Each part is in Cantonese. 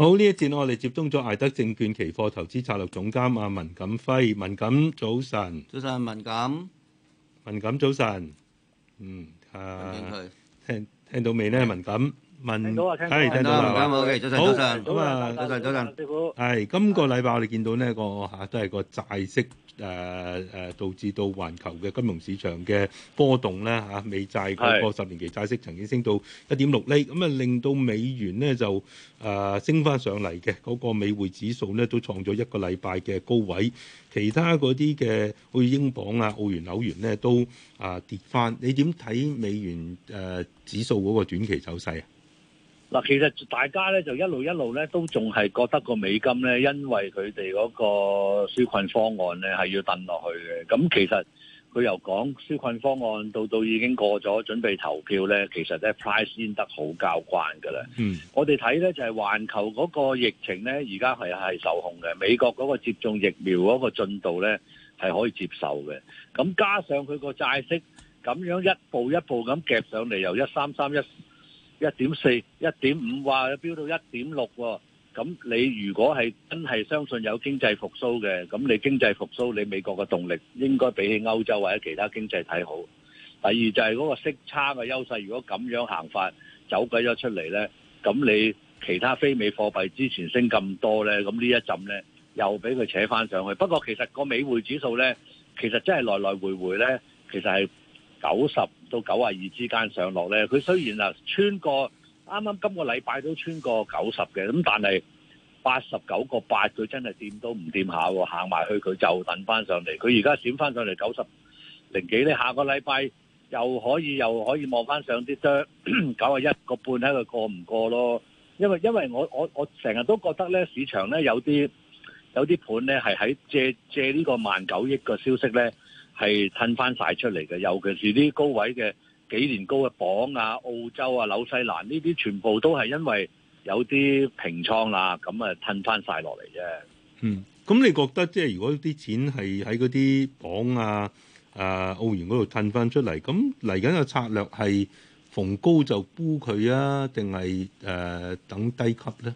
好呢一節我哋接通咗艾德證券期貨投資策略總監阿文錦輝，文錦早晨，早晨文錦，文錦早晨，嗯啊，面聽聽到未呢？文錦。問到啊，聽唔到啊，好嘅，早晨，早晨，早晨，早晨，你好。係今個禮拜我哋見到咧個嚇都係個債息誒誒導致到環球嘅金融市場嘅波動咧嚇，美債嗰個十年期債息曾經升到一點六厘，咁啊令到美元咧就誒升翻上嚟嘅，嗰個美匯指數咧都創咗一個禮拜嘅高位，其他嗰啲嘅好似英鎊啊、澳元、紐元咧都啊跌翻。你點睇美元誒指數嗰個短期走勢啊？嗱，其實大家咧就一路一路咧都仲係覺得個美金咧，因為佢哋嗰個紓困方案咧係要等落去嘅。咁其實佢又講紓困方案到到已經過咗準備投票咧，其實咧 price 先得好交關㗎喇。嗯，我哋睇咧就係環球嗰個疫情咧，而家係係受控嘅。美國嗰個接種疫苗嗰個進度咧係可以接受嘅。咁加上佢個債息咁樣一步一步咁夾上嚟，由一三三一。一點四、一點五，話飆到一點六喎。咁你如果係真係相信有經濟復甦嘅，咁你經濟復甦，你美國嘅動力應該比起歐洲或者其他經濟睇好。第二就係嗰個息差嘅優勢。如果咁樣行法走鬼咗出嚟咧，咁你其他非美貨幣之前升咁多咧，咁呢一陣咧又俾佢扯翻上去。不過其實個美匯指數咧，其實真係來來回回咧，其實係九十到九啊二之間上落咧，佢雖然啊穿過啱啱今個禮拜都穿過九十嘅。咁但係八十九個八佢真係掂都唔掂下喎，行埋去佢就等翻上嚟。佢而家閃翻上嚟九十零幾咧，下個禮拜又可以又可以望翻上啲啫。九啊一個半睇佢過唔過咯。因為因為我我我成日都覺得咧，市場咧有啲有啲盤咧係喺借借呢個萬九億個消息咧，係褪翻晒出嚟嘅，尤其是啲高位嘅幾年高嘅鎊啊、澳洲啊、紐西蘭呢啲，這些全部都係因為有啲平倉啦，咁啊褪翻晒落嚟嘅。嗯，咁你覺得即係如果啲錢係喺嗰啲鎊啊、誒、啊、澳元嗰度褪翻出嚟，咁嚟緊嘅策略係逢高就沽佢啊，定係誒等低級咧？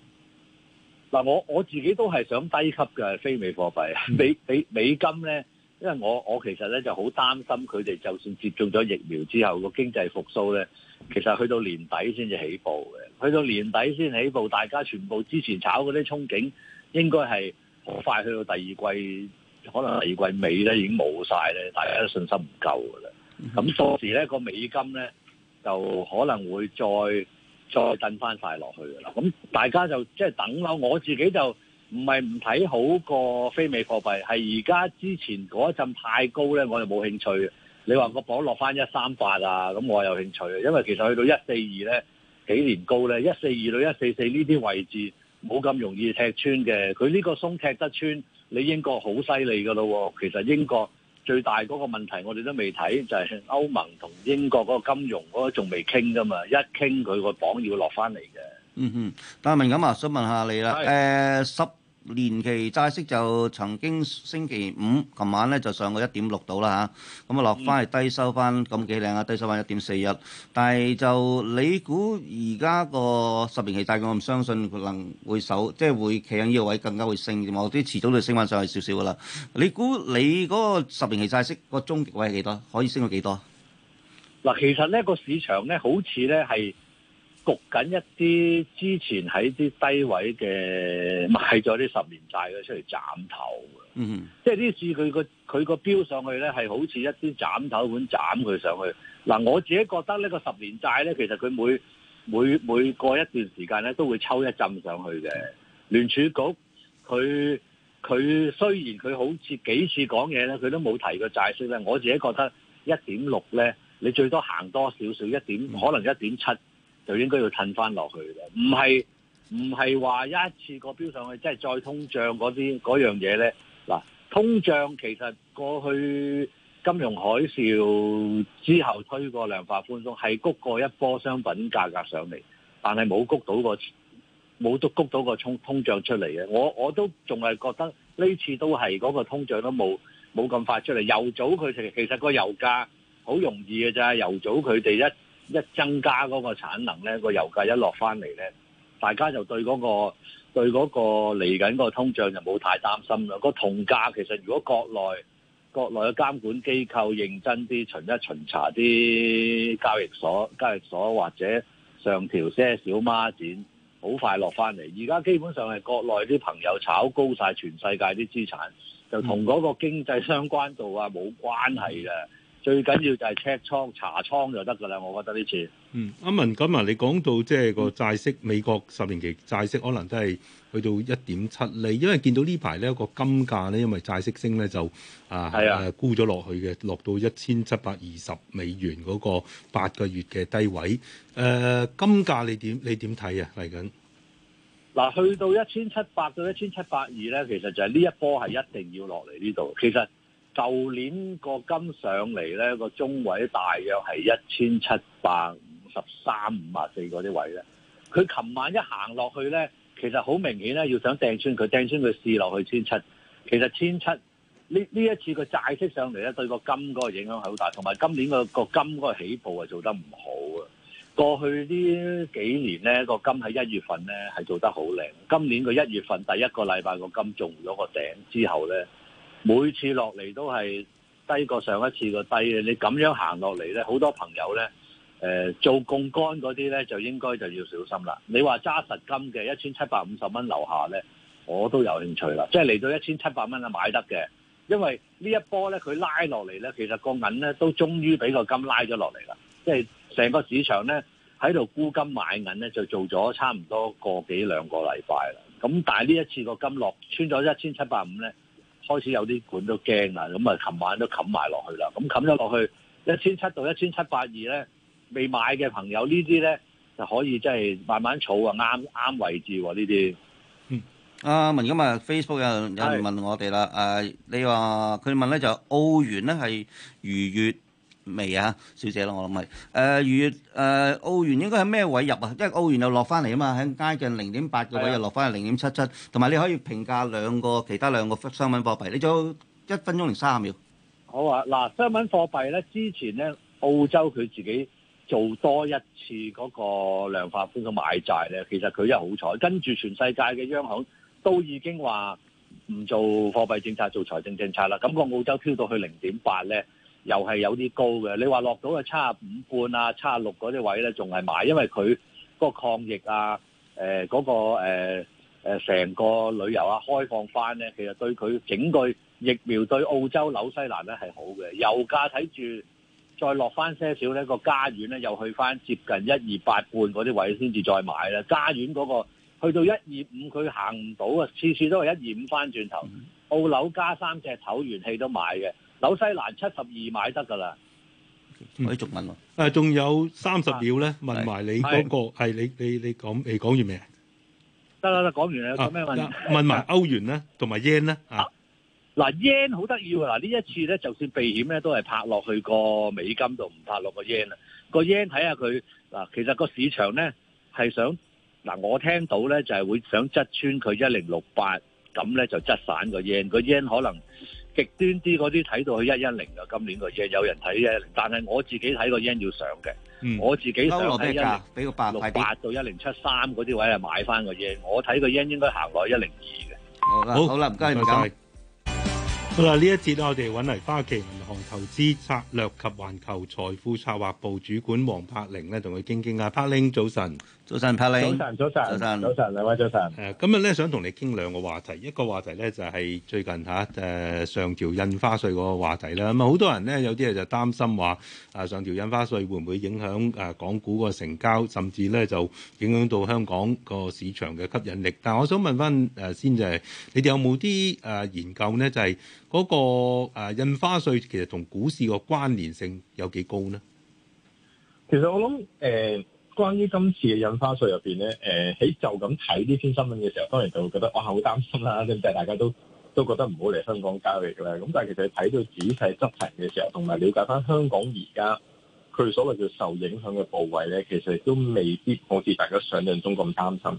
嗱、啊，我我自己都係想低級嘅非美貨幣、嗯，美美美金咧。因為我我其實咧就好擔心佢哋就算接種咗疫苗之後個經濟復甦咧，其實去到年底先至起步嘅，去到年底先起步，大家全部之前炒嗰啲憧憬應該係好快去到第二季，可能第二季尾咧已經冇晒咧，大家都信心唔夠㗎啦。咁到時咧個美金咧就可能會再再震翻晒落去㗎啦。咁大家就即係等啦，我自己就。唔係唔睇好個非美貨幣，係而家之前嗰陣太高咧，我就冇興趣。你話個榜落翻一三八啊，咁我有興趣。因為其實去到一四二咧，幾年高咧，一四二到一四四呢啲位置冇咁容易踢穿嘅。佢呢個鬆踢得穿，你英國好犀利㗎咯。其實英國最大嗰個問題，我哋都未睇，就係歐盟同英國嗰個金融嗰個仲未傾㗎嘛。一傾佢個榜要落翻嚟嘅。嗯嗯，戴文咁啊，想問下你啦。誒十年期債息就曾經星期五琴晚咧，就上過一點六度啦嚇，咁啊落翻去低收翻咁幾靚啊，低收翻一點四日。但係就你估而家個十年期債券，我唔相信佢能會守，即係會企喺呢個位，更加會升。我啲遲早都升翻上去少少噶啦。你估你嗰個十年期債息個終極位係幾多？可以升到幾多？嗱，其實呢個市場咧好似咧係。焗緊一啲之前喺啲低位嘅買咗啲十年債嘅出嚟斬，mm -hmm. 斬頭，嗯，即係呢次佢個佢個標上去咧係好似一啲斬頭咁斬佢上去。嗱、啊，我自己覺得呢個十年債咧，其實佢每每每過一段時間咧都會抽一陣上去嘅。Mm -hmm. 聯儲局佢佢雖然佢好似幾次講嘢咧，佢都冇提過債息咧。我自己覺得一點六咧，你最多行多少少一點，可能一點七。就應該要褪翻落去嘅，唔係唔係話一次過標上去，即係再通脹嗰啲嗰樣嘢咧。嗱，通脹其實過去金融海嘯之後推過量化寬鬆，係谷過一波商品價格上嚟，但係冇谷到個冇都谷到個通通脹出嚟嘅。我我都仲係覺得呢次都係嗰個通脹都冇冇咁快出嚟。油早佢其實其實個油價好容易嘅咋，油早佢哋一。一增加嗰個產能咧，個油價一落翻嚟咧，大家就對嗰個對嗰個嚟緊個通脹就冇太擔心啦。個銅價其實如果國內國內嘅監管機構認真啲巡一巡查啲交易所、交易所或者上調些小孖展，好快落翻嚟。而家基本上係國內啲朋友炒高晒全世界啲資產，就同嗰個經濟相關度啊冇關係嘅。最緊要就係 check 倉查倉就得㗎喇，我覺得呢次。嗯，阿文咁啊，你講到即係個債息，嗯、美國十年期債息可能都係去到一點七厘，因為見到呢排呢、呢個金價呢，因為債息升呢，就啊，係啊，呃、沽咗落去嘅，落到一千七百二十美元嗰個八個月嘅低位。誒、呃，金價你點你點睇啊？嚟緊嗱，去到一千七百到一千七百二呢，其實就係呢一波係一定要落嚟呢度，其實。舊年個金上嚟咧，個中位大約係一千七百五十三五啊四嗰啲位咧。佢琴晚一行落去咧，其實好明顯咧，要想掟穿佢，掟穿佢試落去千七。其實千七呢呢一次個債息上嚟咧，對個金嗰個影響係好大。同埋今年個個金嗰個起步係做得唔好啊。過去呢幾年咧，個金喺一月份咧係做得好靚。今年個一月份第一個禮拜個金中咗個頂之後咧。每次落嚟都係低過上一次個低，你咁樣行落嚟咧，好多朋友咧，呃，做槓桿嗰啲咧，就應該就要小心啦。你話揸實金嘅一千七百五十蚊樓下咧，我都有興趣啦。即係嚟到一千七百蚊啊，買得嘅，因為呢一波咧，佢拉落嚟咧，其實個銀咧都終於俾個金拉咗落嚟啦。即係成個市場咧喺度沽金買銀咧，就做咗差唔多個幾兩個禮拜啦。咁但係呢一次個金落穿咗一千七百五咧。開始有啲管都驚啦，咁啊，琴晚都冚埋落去啦。咁冚咗落去一千七到一千七百二咧，未買嘅朋友呢啲咧就可以即係慢慢儲啊，啱啱位置喎呢啲。嗯，阿、啊、文今日 Facebook 又有人問我哋啦、誒，你話佢問咧就澳元咧係逾月？未啊，小姐咯，我諗係誒，越、呃、誒、呃、澳元應該喺咩位入啊？因為澳元又落翻嚟啊嘛，喺接近零點八個位又落翻嚟。零點七七，同埋你可以評價兩個其他兩個商品貨幣。你仲有一分鐘零三十秒。好啊，嗱，商品貨幣咧，之前咧澳洲佢自己做多一次嗰個量化寬鬆買債咧，其實佢又好彩，跟住全世界嘅央行都已經話唔做貨幣政策，做財政政策啦。咁、那個澳洲飄到去零點八咧。又係有啲高嘅，你話落到啊七十五半啊七十六嗰啲位咧，仲係買，因為佢個抗疫啊，誒、呃、嗰、那個誒成、呃、個旅遊啊開放翻咧，其實對佢整個疫苗對澳洲紐西蘭咧係好嘅。油價睇住再落翻些少呢個加元咧，又去翻接近一二八半嗰啲位先至再買啦。加元嗰、那個去到一二五，佢行唔到啊，次次都係一二五翻轉頭。嗯、澳紐加三隻唞完氣都買嘅。紐西蘭七十二買得噶啦，可以續問喎。誒，仲有三十秒咧，問埋你嗰個係你你你講未講完未？得啦得，講完啦。啊，有咩問題？問埋歐元咧，同埋 yen 咧。啊，嗱 yen 好得意喎。嗱呢一次咧，就算避險咧，都係拍落去個美金度，唔拍落個 yen 啦。個 yen 睇下佢嗱，其實個市場咧係想嗱，我聽到咧就係會想側穿佢一零六八，咁咧就側散個 yen。個 yen 可能。極端啲嗰啲睇到去一一零啊！今年個 yen 有人睇一一零，但係我自己睇個 yen 要上嘅、嗯，我自己睇俾個八六八到一零七三嗰啲位啊，買翻個 yen。我睇個 yen 應該行落一零二嘅。好啦，好啦，唔該唔該。好啦，呢一節我哋揾嚟花旗銀行投資策略及環球財富策劃部主管黃柏寧咧，同佢傾傾啊，柏寧早晨。早晨，柏寧。早晨，早晨，早晨，早晨，兩位早晨。誒，今日咧，想同你傾兩個話題，一個話題咧就係最近吓誒、啊、上調印花稅個話題啦。咁啊，好多人咧有啲嘢就擔心話，啊上調印花稅會唔會影響誒港股個成交，甚至咧就影響到香港個市場嘅吸引力。但係我想問翻誒，先就係、是、你哋有冇啲誒研究呢？就係、是、嗰、那個誒、啊、印花稅其實同股市個關聯性有幾高呢？其實我諗誒。呃關於今次嘅印花稅入面咧，誒、呃、喺就咁睇呢篇新聞嘅時候，當然就會覺得哇好、哦、擔心啦！但大家都都覺得唔好嚟香港交易㗎啦。咁但係其實睇到仔細執行嘅時候，同埋了解翻香港而家佢所謂叫受影響嘅部位咧，其實都未必好似大家想象中咁擔心。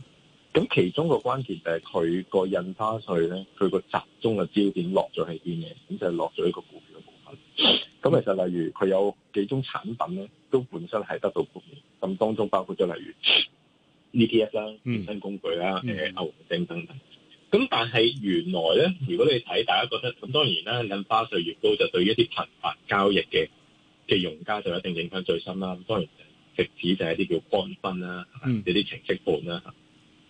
咁其中個關鍵就係佢個印花稅咧，佢個集中嘅焦點落咗喺邊嘅咁就係落咗喺個股票嘅部分。咁其實例如佢有幾種產品咧，都本身係得到豁免。咁當中包括咗例如 E T F 啦、衍生工具啦、誒、嗯呃、牛熊證等等。咁但係原來咧，如果你睇，大家覺得咁當然啦，印花稅越高，就對於一啲頻繁交易嘅嘅用家就一定影響最深啦。咁當然直指就係一啲叫乾分啦，呢、嗯、啲程式盤啦。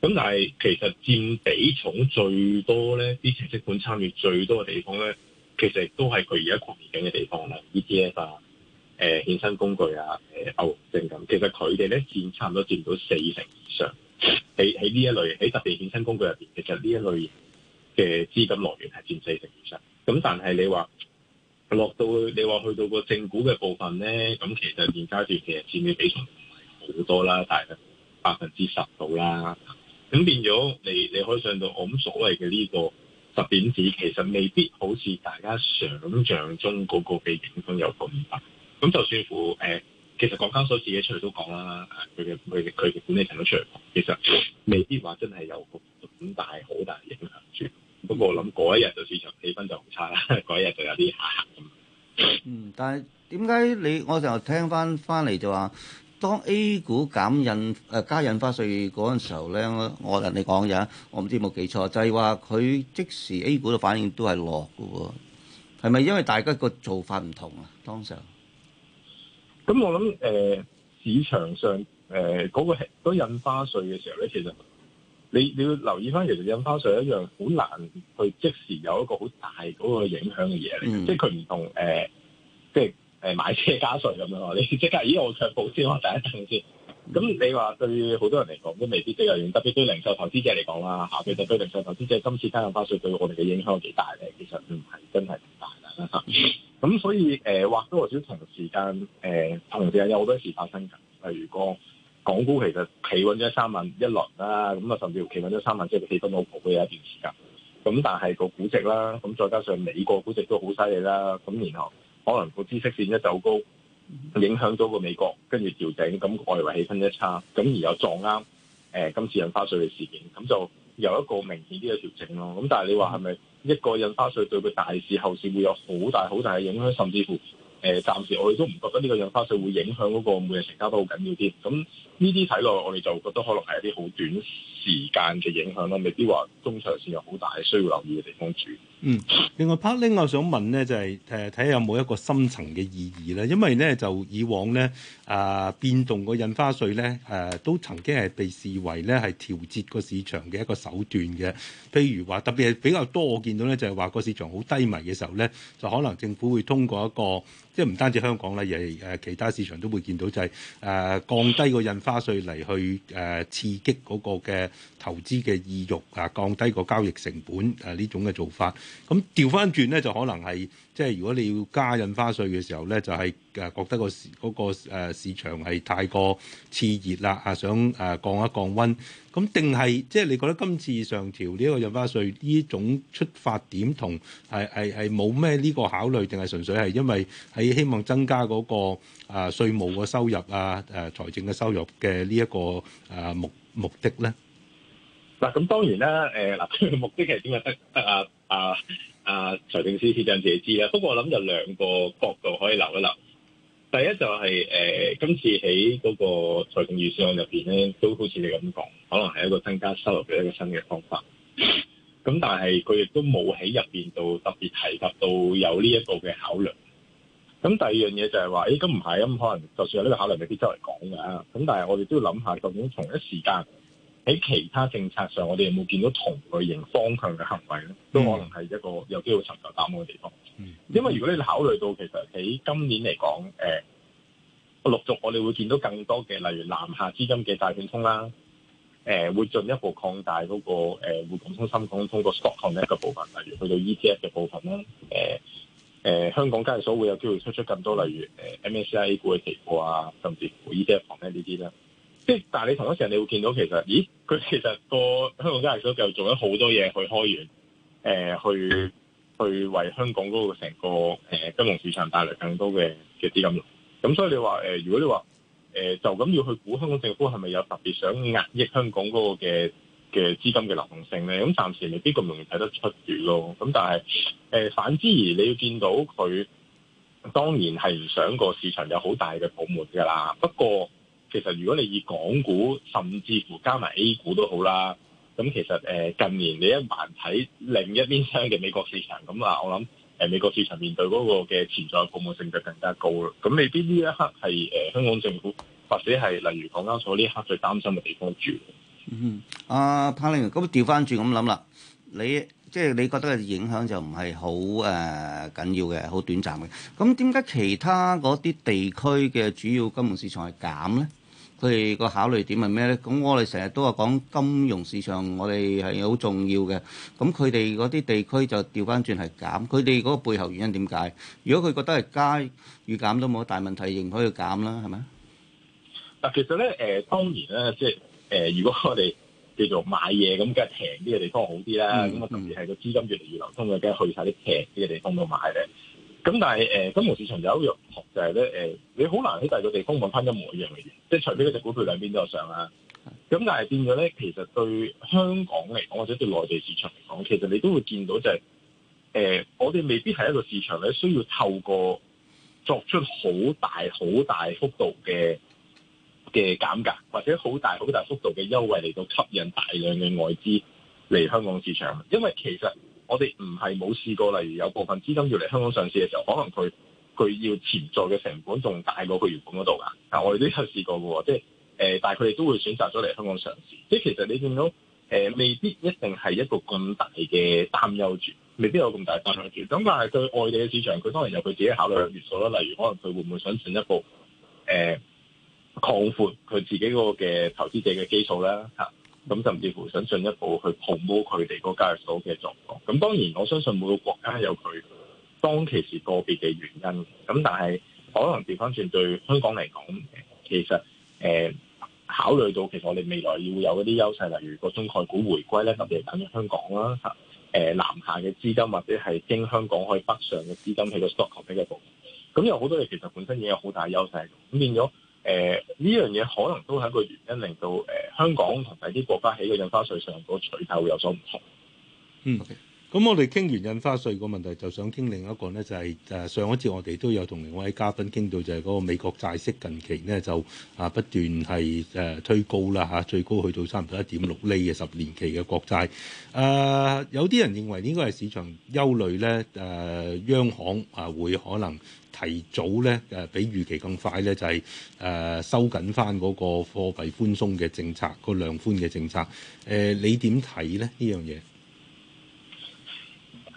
咁但係其實佔比重最多咧，啲程式盤參與最多嘅地方咧，其實都係佢而家擴展緊嘅地方啦，E T F 啊。誒、呃，衍生工具啊，誒、呃、歐、呃、正證其實佢哋咧，佔差唔多佔到四成以上。喺喺呢一類，喺特別衍生工具入邊，其實呢一類嘅資金來源係佔四成以上。咁但係你話落到你話去到個正股嘅部分咧，咁其實現階段其實佔嘅比重唔係好多啦，大約百分之十度啦。咁變咗，你你可以上到我咁所謂嘅呢個十點子，其實未必好似大家想像中嗰、那個影響咁有咁大。咁就算乎誒，其實港交所自己出嚟都講啦，佢嘅佢佢嘅管理層都出嚟講，其實未必話真係有咁大好大影響住。不過我諗嗰一日就市場氣氛就唔差啦，嗰一日就有啲下行咁。嗯，但係點解你我成日聽翻翻嚟就話，當 A 股減印誒加印花稅嗰陣時候咧，我我同你講嘢，我唔知有冇記錯，就係話佢即時 A 股嘅反應都係落㗎喎，係咪因為大家個做法唔同啊？當時。咁我諗，誒、呃，市場上誒嗰、呃那個那個印花稅嘅時候咧，其實你你要留意翻，其實印花稅一樣好難去即時有一個好大嗰個影響嘅嘢嚟，即係佢唔同誒，即係誒買車加稅咁樣，你即刻咦我卻步先，我等一等先。咁你話對好多人嚟講都未必最有用，特別對零售投資者嚟講啦，下、啊、其實對零售投資者今次印花稅對我哋嘅影響有幾大咧，其實唔係真係咁大啦咁，啊、所以話畫、呃、多少同時間誒、呃，同時間有好多事發生㗎，例如講港股其實企穩咗三萬一輪啦，咁啊甚至乎企穩咗三萬即係企翻好高嘅一段時間，咁但係個估值啦，咁再加上美國估值都好犀利啦，咁然後可能個知識線一走高。影響咗個美國，跟住調整，咁外圍氣氛一差，咁而又撞啱，誒、呃、今次印花稅嘅事件，咁就有一個明顯啲嘅調整咯。咁但係你話係咪一個印花稅對佢大市後市會有好大好大嘅影響，甚至乎，誒、呃、暫時我哋都唔覺得呢個印花稅會影響嗰個每日成交都好緊要啲，咁。呢啲睇落，我哋就覺得可能係一啲好短時間嘅影響咯，未必話中長線有好大需要留意嘅地方住。嗯，另外 part 咧，我想問咧，就係誒睇下有冇一個深層嘅意義咧，因為咧就以往咧啊、呃、變動個印花稅咧誒、呃、都曾經係被視為咧係調節個市場嘅一個手段嘅，譬如話特別係比較多我見到咧就係、是、話個市場好低迷嘅時候咧，就可能政府會通過一個即係唔單止香港啦，而係誒其他市場都會見到就係、是、誒、呃、降低個印。花稅嚟去誒刺激嗰個嘅投資嘅意欲啊，降低個交易成本啊呢種嘅做法，咁調翻轉咧就可能係即係如果你要加印花稅嘅時候咧，就係、是、誒覺得個市嗰個誒市場係太過熾熱啦，啊想誒降一降温。咁定係即係你覺得今次上調呢一個印花稅呢種出發點同係係係冇咩呢個考慮，定係純粹係因為喺希望增加嗰個啊稅務嘅收入啊誒財政嘅收入嘅呢一個啊目目的咧？嗱，咁當然啦，誒嗱，佢嘅目的係點樣？得啊啊啊財政司司長自己知啦。不過我諗就兩個角度可以留一留。第一就係、是、誒、呃，今次喺嗰個財政預算案入邊咧，都好似你咁講，可能係一個增加收入嘅一個新嘅方法。咁但係佢亦都冇喺入邊度特別提及到有呢一個嘅考慮。咁第二樣嘢就係話，咦咁唔係咁，可能就算有呢個考慮未必周圍講㗎，咁但係我哋都要諗下究竟同一時間。喺其他政策上，我哋有冇見到同類型方向嘅行為咧？都可能係一個有機會尋求答案嘅地方。Mm -hmm. 因為如果你考慮到其實喺今年嚟講，誒、呃、陸續我哋會見到更多嘅，例如南下資金嘅債券通啦、呃，會進一步擴大嗰、那個、呃、會滬港通深港通過 stock connect 嘅部分，例如去到 ETF 嘅部分啦、呃呃，香港交易所會有機會推出，出更多，例如、呃、MSCI 股嘅期貨啊，甚至乎 ETF 方面呢啲即但你同一時，你會見到其實，咦？佢其實個香港交易所就做咗好多嘢去開源，呃、去去為香港嗰個成個、呃、金融市場帶來更多嘅嘅資金。咁所以你話、呃、如果你話、呃、就咁要去估香港政府係咪有特別想壓抑香港嗰個嘅嘅資金嘅流動性咧？咁暫時未必咁容易睇得出住咯。咁但係、呃、反之而你要見到佢當然係唔想個市場有好大嘅泡沫㗎啦。不過，其實如果你以港股，甚至乎加埋 A 股都好啦，咁其實誒近年你一橫睇另一邊廂嘅美國市場，咁嗱我諗誒美國市場面對嗰個嘅潛在泡沫性就更加高啦，咁未必呢一刻係誒香港政府或者係例如港交所呢一刻最擔心嘅地方住。嗯，阿柏寧，咁調翻轉咁諗啦，你。即係你覺得嘅影響就唔係好誒緊要嘅，好短暫嘅。咁點解其他嗰啲地區嘅主要金融市場係減咧？佢哋個考慮點係咩咧？咁我哋成日都話講金融市場，我哋係好重要嘅。咁佢哋嗰啲地區就調翻轉係減。佢哋嗰個背後原因點解？如果佢覺得係加與減都冇大問題，認可佢減啦，係咪啊？嗱，其實咧，誒，當然啦，即係誒，如果我哋叫做買嘢咁，梗係平啲嘅地方好啲啦。咁、嗯、啊，特別係個資金越嚟越流通，嘅，梗係去曬啲平啲嘅地方度買咧。咁但係誒，金、呃、融市場就有一、就是呃、個就係咧你好難喺第二個地方搵翻一模一樣嘅嘢，即係除非嗰隻股票兩邊都有上啦。咁但係變咗咧，其實對香港嚟講或者對內地市場嚟講，其實你都會見到就係、是、誒、呃，我哋未必係一個市場咧，需要透過作出好大好大幅度嘅。嘅減價或者好大好大幅度嘅優惠嚟到吸引大量嘅外資嚟香港市場，因為其實我哋唔係冇試過，例如有部分資金要嚟香港上市嘅時候，可能佢佢要潛在嘅成本仲大過佢原本嗰度㗎，但我哋都有試過嘅，即係呃、但係佢哋都會選擇咗嚟香港上市，即係其實你見到、呃、未必一定係一個咁大嘅擔憂住，未必有咁大擔憂住。咁但係對外地嘅市場，佢當然有佢自己考慮嘅元素啦，例如可能佢會唔會想進一步，呃擴闊佢自己嗰個嘅投資者嘅基數啦，嚇咁甚至乎想進一步去 promote 佢哋嗰個交易所嘅狀況。咁當然我相信每個國家有佢當其時個別嘅原因。咁但係可能調翻轉對香港嚟講，其實誒考慮到其實我哋未來會有一啲優勢，例如個中概股回歸咧，特別係等於香港啦，嚇誒南下嘅資金或者係經香港去北上嘅資金起到 stock market 嘅部分。咁有好多嘢其實本身已經有好大優勢，咁變咗。誒、呃、呢樣嘢可能都係一個原因，令到誒、呃、香港同埋啲國家喺個印花稅上個取態有所唔同。嗯、okay。咁我哋傾完印花稅個問題，就想傾另一個咧，就係誒上一次我哋都有同另外一位嘉賓傾到，就係嗰個美國債息近期咧就啊不斷係誒推高啦嚇，最高去到差唔多一點六厘嘅十年期嘅國債。誒有啲人認為應該係市場憂慮咧誒央行啊會可能提早咧誒比預期更快咧就係誒收緊返嗰個貨幣寬鬆嘅政策，個量寬嘅政策怎麼看。誒你點睇咧呢樣嘢？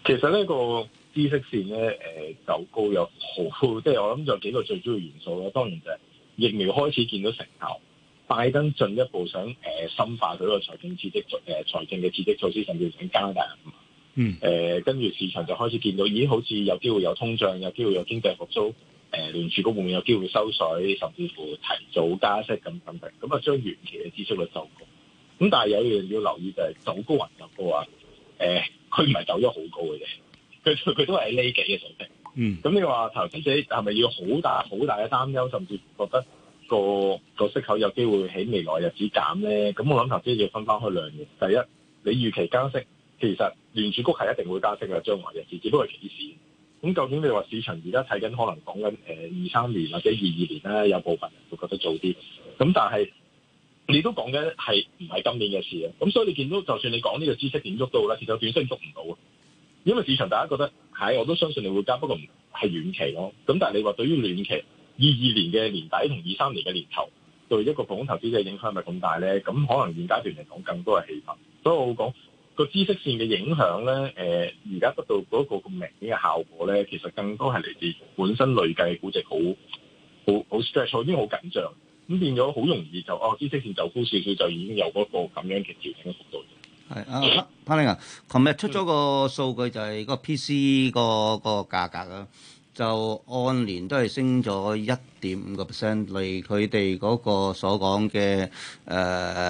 其實呢個孳息線咧，誒、呃、走高有好，即係我諗咗幾個最主要元素啦。當然就係疫苗開始見到成效，拜登進一步想誒、呃、深化佢個財政刺激措誒財政嘅刺激措施，甚至想加大人。誒跟住市場就開始見到，咦好似有機會有通脹，有機會有經濟復蘇，誒、呃、聯儲局會唔會有機會收水，甚至乎提早加息咁等等。咁啊將遠期嘅孳息率走高。咁但係有樣要留意就係、是、走高還走高啊，誒、呃。佢唔係走咗好高嘅啫，佢佢都係喺呢幾嘅水平。嗯，咁你話投資者係咪要好大好大嘅擔憂，甚至乎覺得、那個個息口有機會喺未來日子減咧？咁我諗投資者要分翻開兩年。第一，你預期加息，其實聯儲局係一定會加息嘅，將來日子，只不過係幾時。咁究竟你話市場而家睇緊，可能講緊誒二三年或者二二年咧，有部分人會覺得早啲。咁但係，你都講緊係唔係今年嘅事啊？咁所以你見到，就算你講呢個知識點喐到啦，其實短線喐唔到啊，因為市場大家覺得係，我都相信你會加，不過係遠期咯。咁但係你話對於暖期二二年嘅年底同二三年嘅年頭，對一個普通投資者影響係咪咁大咧？咁可能現階段嚟講，更多係氣氛。所以我會講個知識線嘅影響咧，誒而家得到嗰個咁明顯嘅效果咧，其實更多係嚟自本身累計估值好，好好即係財經好緊張。咁變咗好容易就哦，知識線就高市，佢就，就已經有嗰個咁樣嘅調整嘅幅度。係啊，柏寧啊，琴日、啊、出咗個數據就係個 P C 個、嗯嗰個價格啦、啊，就按年都係升咗一點五個 percent，離佢哋嗰個所講嘅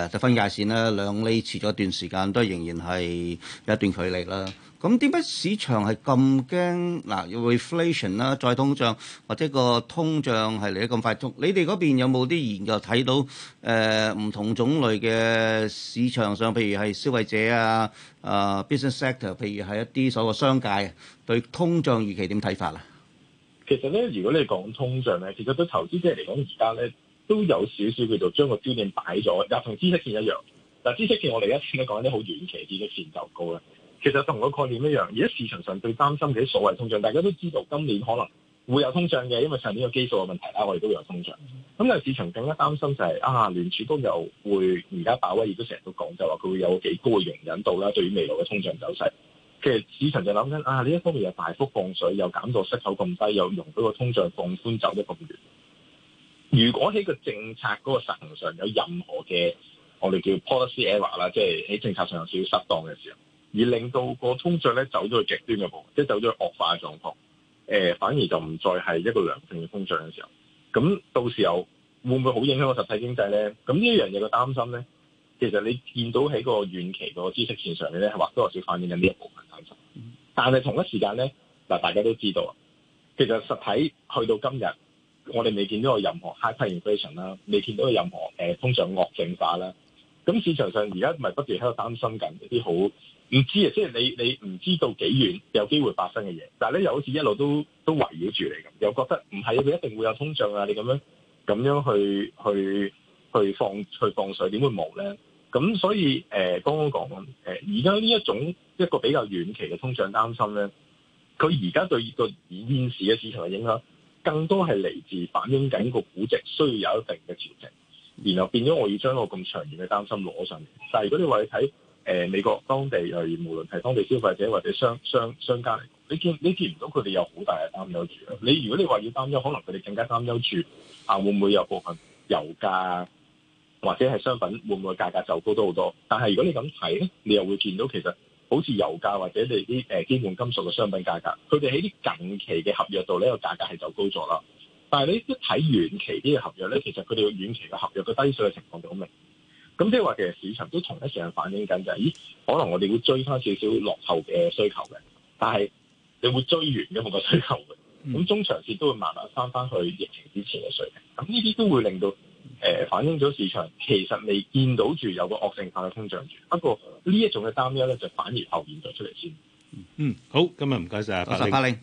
就分界線啦、啊，兩釐遲咗一段時間都仍然係一段距離啦、啊。咁點解市場係咁驚嗱？reflation、啊、啦，再通脹或者個通脹係嚟得咁快速？你哋嗰邊有冇啲研究睇到？誒、呃，唔同種類嘅市場上，譬如係消費者啊，啊、呃、business sector，譬如係一啲所謂商界對通脹預期點睇法啊？其實咧，如果你講通脹咧，其實對投資者嚟講，而家咧都有少少叫做將個焦點擺咗，又同知識線一樣。嗱，知識線我哋一次咧講啲好遠期啲嘅線就高啦。其實同個概念一樣，而家市場上最擔心嘅所謂通脹，大家都知道今年可能會有通脹嘅，因為上年個基數嘅問題啦。我哋都有通脹咁。但係市場更加擔心就係、是、啊，聯儲都有會而家鮑威爾，而都成日都講就話佢會有幾高嘅容忍度啦。對於未來嘅通脹走勢，其實市場就諗緊啊，呢一方面又大幅放水，又減到息口咁低，又容許個通脹放寬走得咁遠。如果喺個政策嗰個實行上有任何嘅我哋叫 policy error 啦，即係喺政策上有少少失當嘅時候。而令到個通脹咧走咗去極端嘅部分，即係走咗去惡化嘅狀況，誒、呃、反而就唔再係一個良性嘅通脹嘅時候，咁到時候會唔會好影響個實體經濟咧？咁呢一樣嘢嘅擔心咧，其實你見到喺個遠期個知識線上面咧係話多少反映緊呢一部分擔心，但係同一時間咧，嗱，大家都知道啊，其實實體去到今日，我哋未見到任何 hyperinflation 啦，未見到任何誒通脹惡性化啦。咁市場上而家咪不斷喺度擔心緊一啲好唔知啊，即係你你唔知道幾、就是、遠有機會發生嘅嘢。但係咧又好似一路都都圍繞住你咁，又覺得唔係佢一定會有通脹啊！你咁樣咁樣去去去放去放水，點會冇咧？咁所以、呃、剛剛講誒，而家呢一種一個比較遠期嘅通脹擔心咧，佢而家對個現時嘅市場嘅影響，更多係嚟自反映緊個估值需要有一定嘅調整。然後變咗，我要將個咁長遠嘅擔心攞上嚟。但係如果你話你睇誒、呃、美國當地，例如無論係當地消費者或者商商商家，你見你見唔到佢哋有好大嘅擔憂住。你如果你話要擔憂，可能佢哋更加擔憂住啊，會唔會有部分油價或者係商品會唔會價格走高多好多？但係如果你咁睇咧，你又會見到其實好似油價或者你啲誒基本金屬嘅商品價格，佢哋喺啲近期嘅合約度呢、這個價格係走高咗啦。但係你一睇遠期啲嘅合約咧，其實佢哋嘅遠期嘅合約嘅低水嘅情況就好明顯。咁即係話其實市場都同一時間反映緊就係，咦？可能我哋會追翻少少落後嘅需求嘅，但係你會追完咗個需求嘅。咁中長線都會慢慢翻翻去疫情之前嘅水平。咁呢啲都會令到、呃、反映咗市場其實未見到住有個惡性化嘅通脹住。不過呢一種嘅擔憂咧，就反而浮現咗出嚟先。嗯，好，今日唔該晒，柏寧。